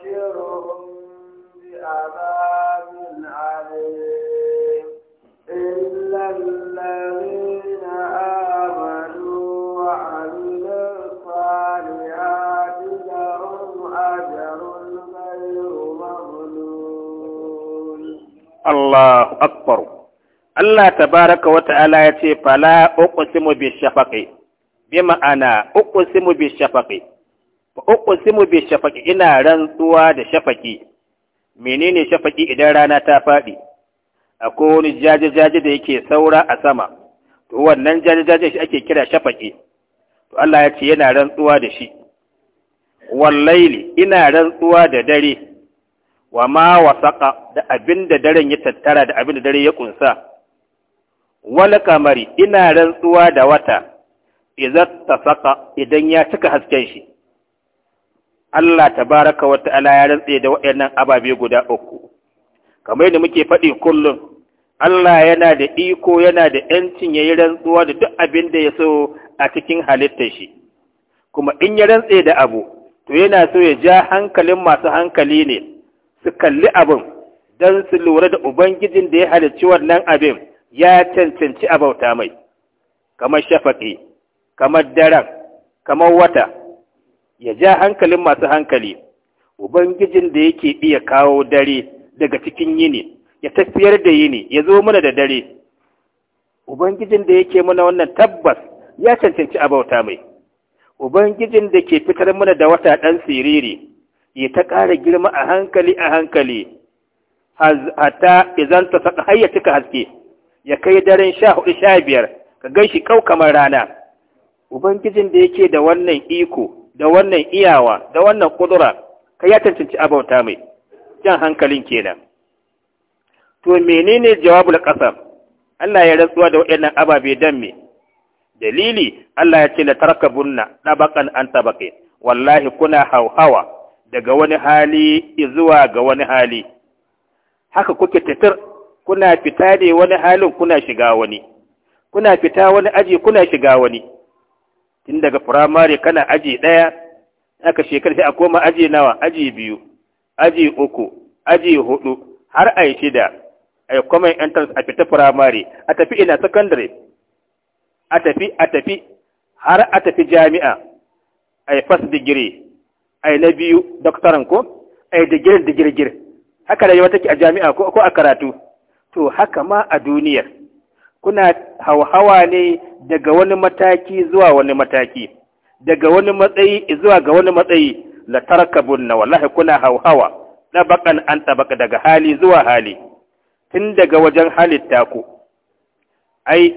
وبشرهم بعذاب عليم إلا الذين آمنوا وعملوا الصالحات لهم أجر غير مغلول الله أكبر الله تبارك وتعالى يتي فلا أقسم بالشفق بما أنا أقسم بالشفق uqsimu bi shafaqi ina rantsuwa da shafaqi menene shafaqi idan rana ta faɗi akwai wani jaje-jaje da yake saura a sama to wannan jaje-jaje shi ake kira shafaqi to Allah ya ce yana rantsuwa da shi wallaili ina rantsuwa da dare wa ma wasaqa da abinda daren ya tattara da abinda dare ya kunsa wal kamari ina rantsuwa da wata idan tasaqa idan ya cika hasken shi Allah tabaraka wata ta'ala ya rantse da waɗannan ababe guda uku kamar yadda muke faɗi kullum Allah yana da iko yana da ‘yancin ya yi rantsuwa da duk abin da ya so a cikin halittar shi kuma in ya rantse da abu to yana so ya ja hankalin masu hankali ne su kalli abin don su lura da ubangijin da ya halicci wannan abin ya cancanci abauta mai kamar shafaƙi kamar daren kamar wata ya ja hankalin masu hankali ubangijin da yake iya kawo dare daga cikin yini ya tafiyar da yini ya zo mana da dare ubangijin da yake mana wannan tabbas ya cancanci abauta mai ubangijin da ke fitar mana da wata ɗan siriri ya ta ƙara girma a hankali a hankali Hata izan ta saka har ya cika haske ya kai daren sha hudu sha biyar ka gan shi kau kamar rana ubangijin da yake da wannan iko da wannan iyawa da wannan kudura ka ya cancanci abauta mai jan hankalin kenan to menene jawabul qasam Allah ya rantsuwa da waɗannan ababe dan me dalili Allah ya ce la tarakabunna tabaqan an tabaqi wallahi kuna hauhawa daga wani hali zuwa ga wani hali haka kuke tatar kuna fita ne wani halin kuna shiga wani kuna fita wani aji kuna shiga wani in daga firamare kana aji ɗaya aka shekar sai a koma aji nawa aji biyu aji uku aji hudu har a yi shida a yi common entrance a fita firamare a tafi ina secondary a tafi a tafi har a tafi jami'a a yi first degree a yi na biyu doctoran ko a yi digirin digirgir haka da wata take a jami'a ko a karatu to haka ma a duniyar kuna hauhawa ne daga wani mataki zuwa wani mataki daga wani matsayi zuwa ga wani matsayi la na wallahi kuna hauhawa bakan an tabaka daga hali zuwa hali tun daga wajen halitta ku ai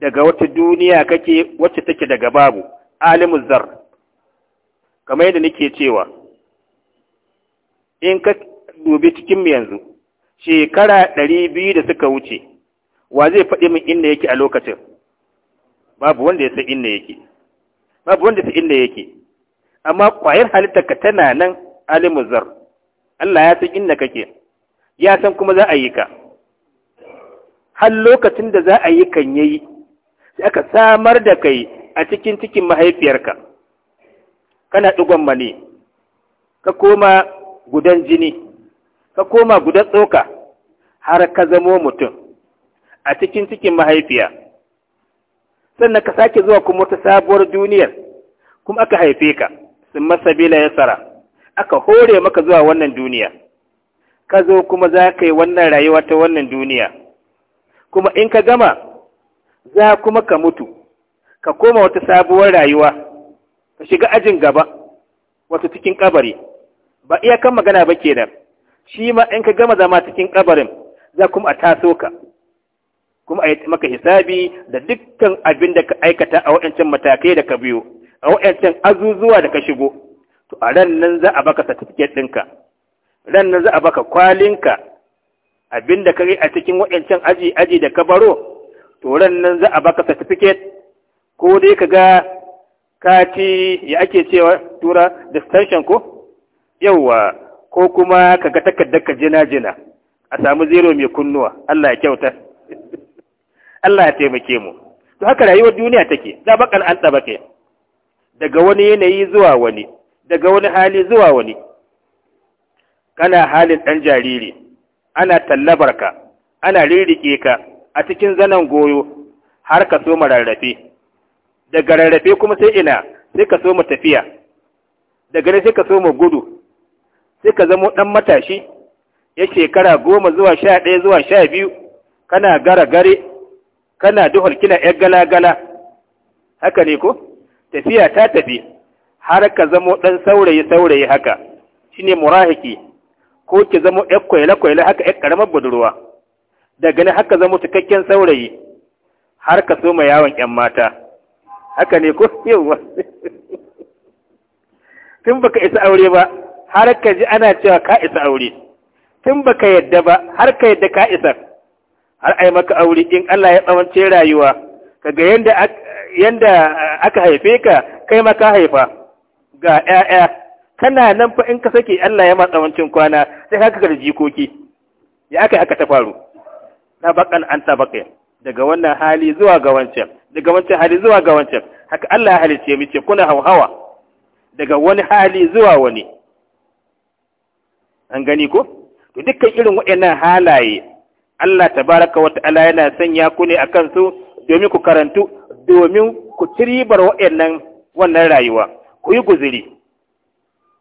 daga wata duniya kake wacce take daga babu alimu zar kamar yadda nake cewa in ka dubi cikin yanzu shekara ɗari biyu da suka wuce wa zai faɗi min inda yake a lokacin babu wanda ya san inda yake babu wanda ya san inda yake amma ƙwayar halittarka tana nan alimuzar Allah ya san inda kake ya san kuma za a yi ka har lokacin da za a yi kan yayi sai aka samar da kai a cikin cikin mahaifiyarka kana ɗigon mani ka koma gudan jini ka koma gudan tsoka har ka zamo mutum a cikin cikin mahaifiya sannan ka sake zuwa kuma wata sabuwar duniyar kuma aka haife ka sun masabila ya tsara aka hore maka zuwa wannan duniya ka zo kuma za ka yi wannan rayuwa ta wannan duniya kuma in ka gama za kuma ka mutu ka koma wata sabuwar rayuwa ka shiga ajin gaba wata cikin kabari ba iya kan magana ba kenan shi ma in ka gama zama cikin kabarin za kuma a taso ka kuma a yi maka hisabi da dukkan abin da ka aikata a waɗancan matakai da ka biyo a waɗancan azuzuwa da ka shigo to a ran nan za a baka satifiket ɗinka ran nan za a baka kwalinka abin da ka yi a cikin waɗancan aji aji da ka baro to ran nan za a baka satifiket ko dai ka ga kati ya ake cewa tura distinction ko yawwa ko kuma ka ga takardar ka jina jina a samu zero mai kunnuwa Allah ya kyauta Allah ya taimake mu to haka rayuwar duniya take da bakan an tsabake daga wani yanayi zuwa wani daga wani hali zuwa wani kana halin ɗan jariri ana tallabarka ana ririke ka a cikin zanen goyo har ka so rarrafe daga rarrafe kuma sai ina sai ka so mu tafiya daga ne sai ka so mu gudu sai ka zamo ɗan matashi ya shekara goma zuwa sha ɗaya zuwa sha biyu kana gara gare kana duhul kina ‘yar gala-gala, haka ne ko? Tafiya ta tafi, har ka zamo ɗan saurayi-saurayi haka, shi ne murahiki, ko ki zamo ‘yar kwaile-kwaile haka ‘yar ƙaramar budurwa, daga ne haka zamo cikakken saurayi, har ka soma yawon ‘yan mata, haka ne ko? (laughs) Yawwa. Tun baka isa aure ba, har ka ji ana cewa ka isa aure, tun baka yadda ba, har ka yadda ka isa. har ai maka aure in Allah ya tsawance rayuwa kaga yanda yanda eh, aka haife ka kai ma ka haifa ga ƴaƴa kana nan fa in ka sake Allah ya ma tsawancin kwana sai haka ka da jikoki ya aka aka ta faru Na bakan an bakai daga wannan hali zuwa ga wancan daga wancan hali zuwa ga wancan haka Allah ya halice mu ce kuna hauhawa daga wani hali zuwa wani an gani ko to dukkan irin waɗannan halaye Allah ta baraka wata ala yana sanya ku ne akan su domin ku karantu domin ku ciribar wa'annan wannan rayuwa ku yi guziri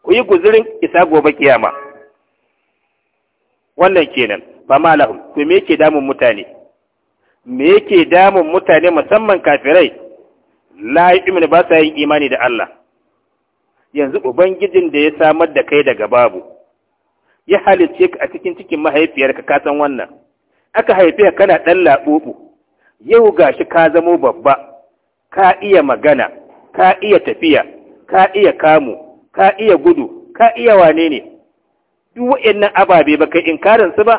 ku yi guzirin isa gobe kiyama wannan kenan ba ma lahum to me yake damun mutane me yake damun mutane musamman kafirai la yu'minu ba sa yin imani da Allah yanzu ubangijin da ya samar da kai daga babu ya halicce ka a cikin cikin mahaifiyarka ka san wannan aka haife kana ɗan laɓuɓu yau gashi ka zamo babba ka iya magana ka iya tafiya ka iya kamu ka iya gudu ka iya wane ne duk waɗannan ababe ba kai inkarin su ba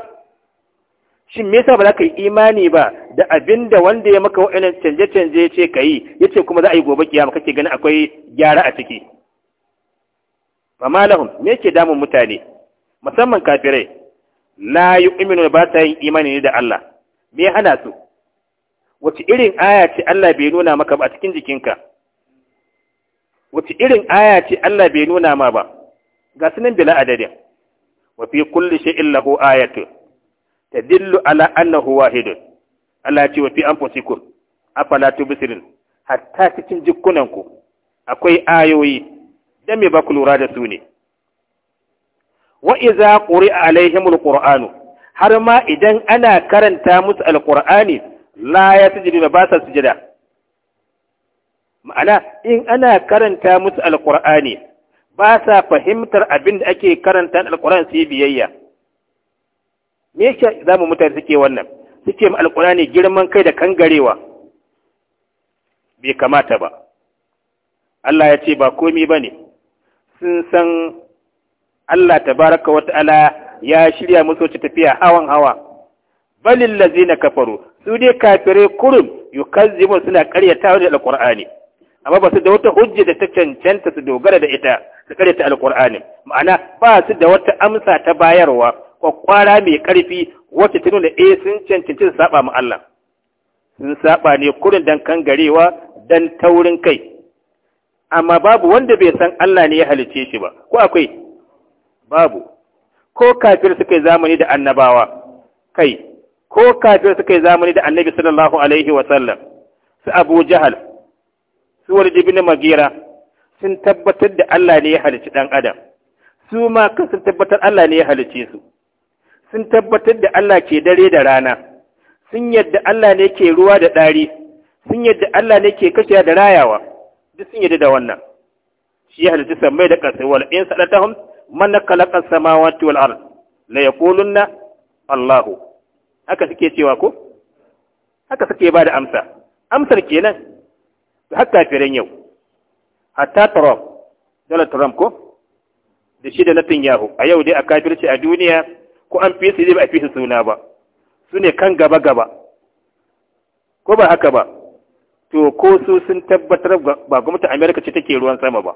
shin me yasa ba za ka yi imani ba da abinda wanda ya maka waɗannan canje-canje yace ce ka yi ya ce kuma za a yi gobe kiyama kake ganin akwai gyara a ciki amma lahum me yake damun mutane musamman kafirai la yu'minu ba ta yin imani ne da Allah me hana su wace irin aya ce Allah bai nuna maka ba a cikin jikinka wace irin aya ce Allah bai nuna ma ba ga sunan bila adadin wa fi kulli illa hu ayatu tadillu ala annahu wahidun Allah ce wa fi anfusikum afala tubsirin hatta cikin jikunanku. akwai ayoyi dan me ba ku lura da su ne wa ƙuri a alaihim alqur'anu har ma idan ana karanta musu alqur'ani la yasjudu ba sa su sujada ma'ana in ana karanta musu alqur'ani ba sa fahimtar abin da ake karanta alqur'ani sai biyayya me yake zamu mutane suke wannan suke mu alqur'ani girman kai da kangarewa bai kamata ba Allah ya ce ba komi ba ne sun san Allah tabaraka wa ta'ala ya shirya musu wacce tafiya hawan hawa balil na kafaru su dai kafirai kurum yukazzimu suna karyatawa da alqur'ani amma ba su da wata hujja da ta cancanta su dogara da ita su karyata alqur'ani ma'ana ba su da wata amsa ta bayarwa kwakwara mai karfi wacce ta nuna eh sun cancanci su saba ma sun saba ne kurin dan kangarewa dan taurin kai amma babu wanda bai san Allah ne ya halice shi ba ko akwai babu ko kafir suka yi zamani da annabawa kai ko kafir suka yi zamani da annabi sallallahu alaihi wa sallam su abu jahal su walid ibn magira sun tabbatar da Allah ne ya halicci dan adam su ma kan sun tabbatar Allah ne ya halicce su sun tabbatar da Allah ke dare da rana sun yadda Allah ne ke ruwa da ɗari sun yadda Allah ne ke kashe da rayawa duk sun yadda da wannan shi ya halitta sammai da ƙasa wal in sadatahum man khalaqa samawati wal ard la yaqulunna Allahu haka suke cewa ko haka suke bada amsa amsar kenan to haka kafirin yau hatta Trump dala Trump ko da shi da yahu a yau dai a kafirce a duniya ko an fi su ba a fi su suna ba su ne kan gaba gaba ko ba haka ba to ko su sun tabbatar ba gwamnatin Amerika ce take ruwan sama ba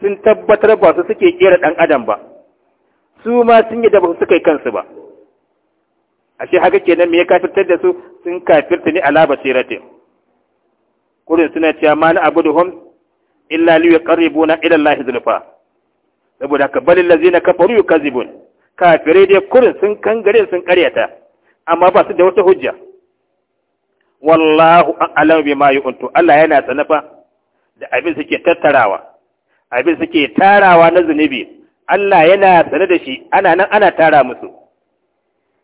sun tabbatar ba su suke kera ɗan adam ba su ma sun yi da ba su yi kansu ba ashe haka kenan me ya kafirtar da su sun kafirta ne ala basiratin kurin suna cewa ma na abuduhum illa li yuqarribuna ila lahi zulfa saboda ka lazi na kafaru zibun kafire dai kurin sun kangare sun karyata amma ba su da wata hujja wallahu a'lamu yi untu. Allah yana sanafa da abin suke tattarawa abin suke tarawa na zunubi Allah yana sane da shi ana nan ana tara musu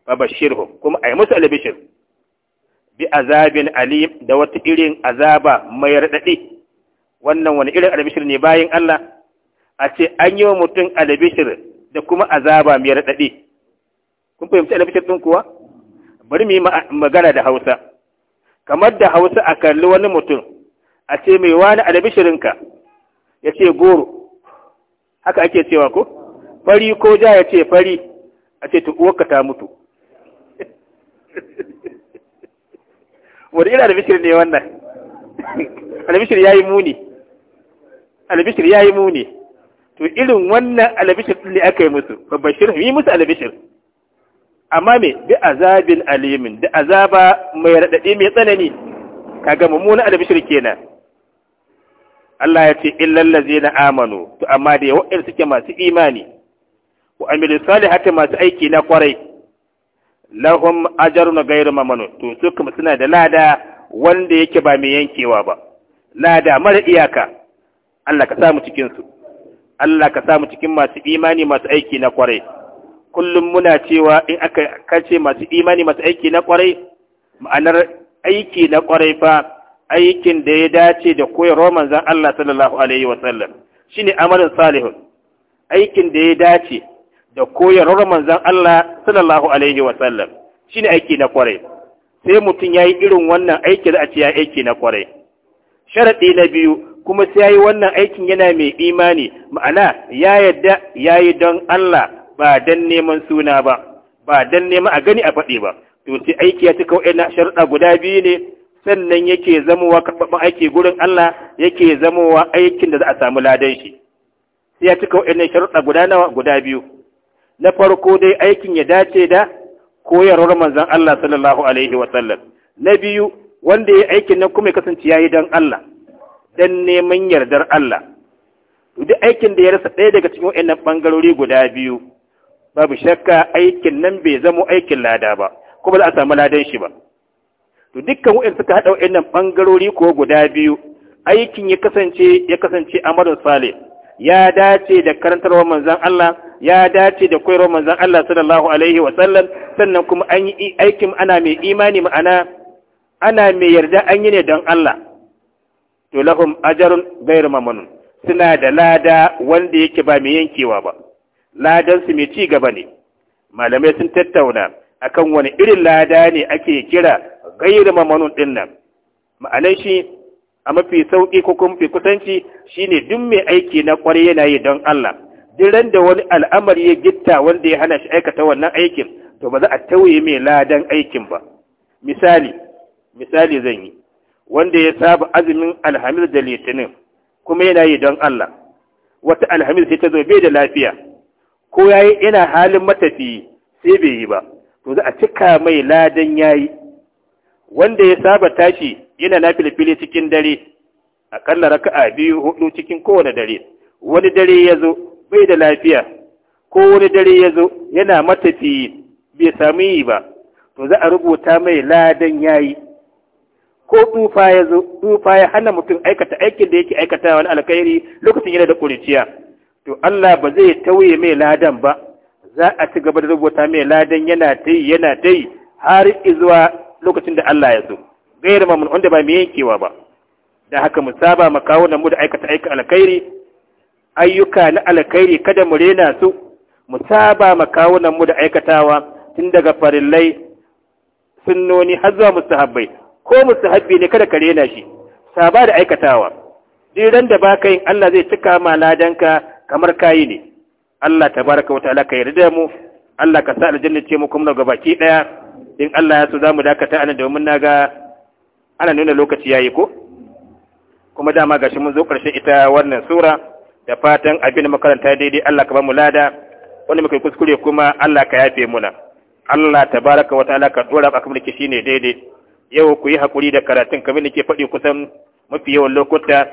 fa bashirhum kuma ai musu albishir bi azabin alim da wata irin azaba mai radadi wannan wani irin albishir ne bayan Allah a ce an yi wa mutum albishir da kuma azaba mai radadi kun fahimci albishir din kuwa bari mu yi magana da Hausa kamar da Hausa a kalli wani mutum a ce mai wani albishirinka ya ce goro haka ake cewa ko fari ko ja ya ce fari a ce ta uwarka ta mutu (laughs) wani ina albishir ne wannan (laughs) albishir ya yi muni albishir ya yi muni to irin wannan albishir ne aka yi musu babban shirin yi musu albishir amma me bi azabin alimin da azaba mai raɗaɗe mai tsanani kaga mummunan albishir kenan Allah ya ce illal ladzina amanu to amma da irin suke masu imani wa amilu salihati masu aiki na kwarai lahum ajrun ghayru mamnun to su kuma suna da lada wanda yake ba mai yankewa ba lada mara iyaka Allah ka samu cikin su Allah ka samu cikin masu imani masu aiki na kwarai kullum muna cewa in aka kace masu imani masu aiki na kwarai ma'anar aiki na kwarai fa aikin da ya dace da koyarwa manzan Allah sallallahu alaihi wasallam shi ne amalin salihun aikin da ya dace da koyarwar manzan Allah sallallahu alaihi wasallam shi ne aiki na kwarai sai mutum ya yi irin wannan aiki da a ce ya aiki na kwarai sharaɗi na biyu kuma sai ya yi wannan aikin yana mai imani ma'ana ya yadda ya yi don Allah ba don neman suna ba ba don neman a gani a faɗi ba to sai aiki ya kawai wa'ina sharuɗa guda biyu ne sannan yake zamowa karɓaɓɓen aiki gurin Allah yake zamowa aikin da za a samu ladan shi sai ya cika waɗannan sharuɗa guda nawa guda biyu na farko dai aikin ya dace da koyarwar manzon Allah sallallahu alaihi wa sallam na biyu wanda ya aikin nan kuma ya kasance yayi dan Allah dan neman yardar Allah duk aikin da ya rasa ɗaya daga cikin waɗannan bangarori guda biyu babu shakka aikin nan bai zamo aikin lada ba kuma za a samu ladan shi ba to dukkan wa'in suka haɗa waɗannan ɓangarori ko guda biyu aikin ya kasance ya kasance sale ya dace da karantarwar manzan Allah ya dace da koyarwar manzan Allah sallallahu alaihi wa sallam sannan kuma an yi aikin ana mai imani ma'ana ana mai yarda an yi ne don Allah to lahum ajrun ghairu mamnun suna da lada wanda yake ba mai yankewa ba Ladansu mai ci gaba ne malamai sun tattauna akan wani irin lada ne ake kira gayyada mamanun din nan ma'anai shi a mafi sauƙi ko kuma fi kusanci shine duk mai aiki na kwarai yana yi don Allah duk da wani al'amari ya gitta wanda ya hana shi aikata wannan aikin to ba za a tauye mai ladan aikin ba misali misali zan yi wanda ya saba azumin alhamis da litinin kuma yana yi don Allah wata alhamis sai ta zo bai da lafiya ko yayi yana halin matafiyi sai bai yi ba to za a cika mai ladan yayi wanda ya saba tashi yana na filfili cikin dare a akalla raka'a biyu hudu cikin kowane dare wani dare ya zo bai da lafiya ko wani dare ya zo yana matafiyi bai sami yi ba to za a rubuta mai ladan yayi ko tufa ya zo tufa ya hana mutum aikata aikin da yake aikata wani alkhairi lokacin yana da kuriciya to Allah ba zai tauye mai ladan ba za a ci gaba da rubuta mai ladan yana ta yana ta har izuwa lokacin da Allah ya so ma mamun wanda ba mai yankewa ba da haka mu saba mu kawo mu da aikata aika alkairi, ayyuka na alkhairi kada mu rena su mu saba mu kawo mu da aikatawa tun daga farillai sunnoni har zuwa mustahabbai ko mustahabbi ne kada ka rena shi saba da aikatawa Diran da baka yin Allah zai cika ma ladanka kamar kayi ne Allah tabaraka wa ta'ala ka yarda mu Allah ka sa aljanna ce mu kuma na baki ɗaya. in Allah ya so za mu dakata anan domin na ga ana nuna lokaci yayi ko kuma dama gashi mun zo ƙarshen ita wannan sura da fatan abin makaranta daidai Allah ka ba mu lada wanda muka kuskure kuma Allah ka yafe muna Allah tabaraka wa ta'ala ka dora kamar mulki shine daidai yau ku yi hakuri da karatun kamar ke faɗi kusan mafi yawan lokuta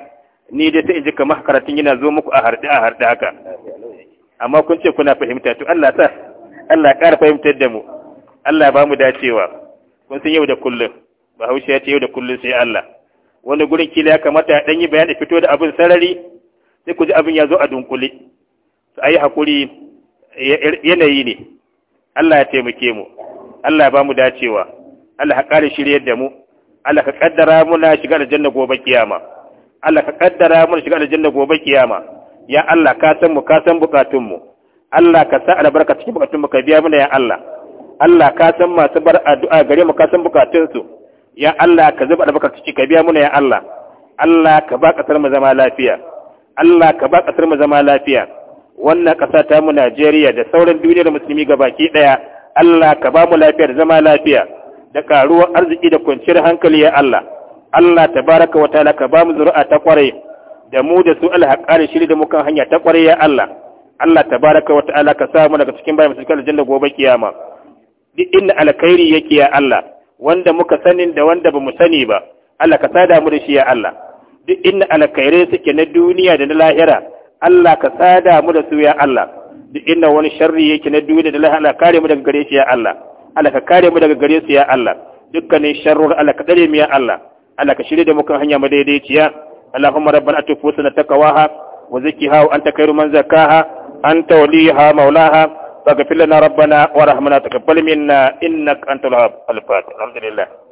ni dai sai in ji kamar karatun yana zo muku a harɗe a harɗe haka amma kun ce kuna fahimta to Allah ta Allah ƙara fahimtar da mu Allah ba mu dacewa kun san yau da kullum bahaushe ya ce yau da kullum sai Allah wani gurin kila ya kamata ya ɗan bayani fito da abin sarari sai ku ji abin ya zo a dunkule su a yi haƙuri yanayi ne Allah ya taimake mu Allah ya ba mu dacewa Allah ka ƙara shiryar da mu Allah ka kaddara muna shiga da janna gobe kiyama Allah ka kaddara muna shiga da janna gobe kiyama ya Allah ka san mu ka san bukatun mu Allah ka sa albarka cikin bukatun mu ka biya mana ya Allah Allah ka san masu bar addu'a gare mu ka san bukatunsu ya Allah ka zuba albarka ciki ka biya muna ya Allah Allah ka ba kasar mu zama lafiya Allah ka ba kasar mu zama lafiya wannan ƙasa ta mu Najeriya da sauran duniyar musulmi gabaki ɗaya Allah ka ba mu lafiya da zama lafiya da karuwar arziki da kwanciyar hankali ya Allah Allah tabaraka wa ta'ala ka ba mu zuri'a ta kwarai da mu da su alhaƙari shiri da mu kan hanya ta kwarai ya Allah Allah tabaraka wa ta'ala ka sa mu daga cikin bayan musulmi aljanna gobe kiyama duk inda alkhairi yake ya Allah wanda muka sanin da wanda bamu sani ba Allah ka sada mu da shi ya Allah duk inda alkhairai suke na duniya da na lahira Allah ka sada mu da su ya Allah duk inda wani sharri yake na duniya da lahira kare mu daga gare shi ya Allah Allah ka kare mu daga gare su ya Allah dukkanin sharrur Allah ka dare mu ya Allah Allah ka shirye da mu kan hanya madaidaiciya Allahumma rabbana atuf wusna takawaha wa zakkiha wa anta khairu man zakkaha anta waliha maulaha فاغفر لنا ربنا وارحمنا تقبل منا انك انت الوهاب الفاتح الحمد لله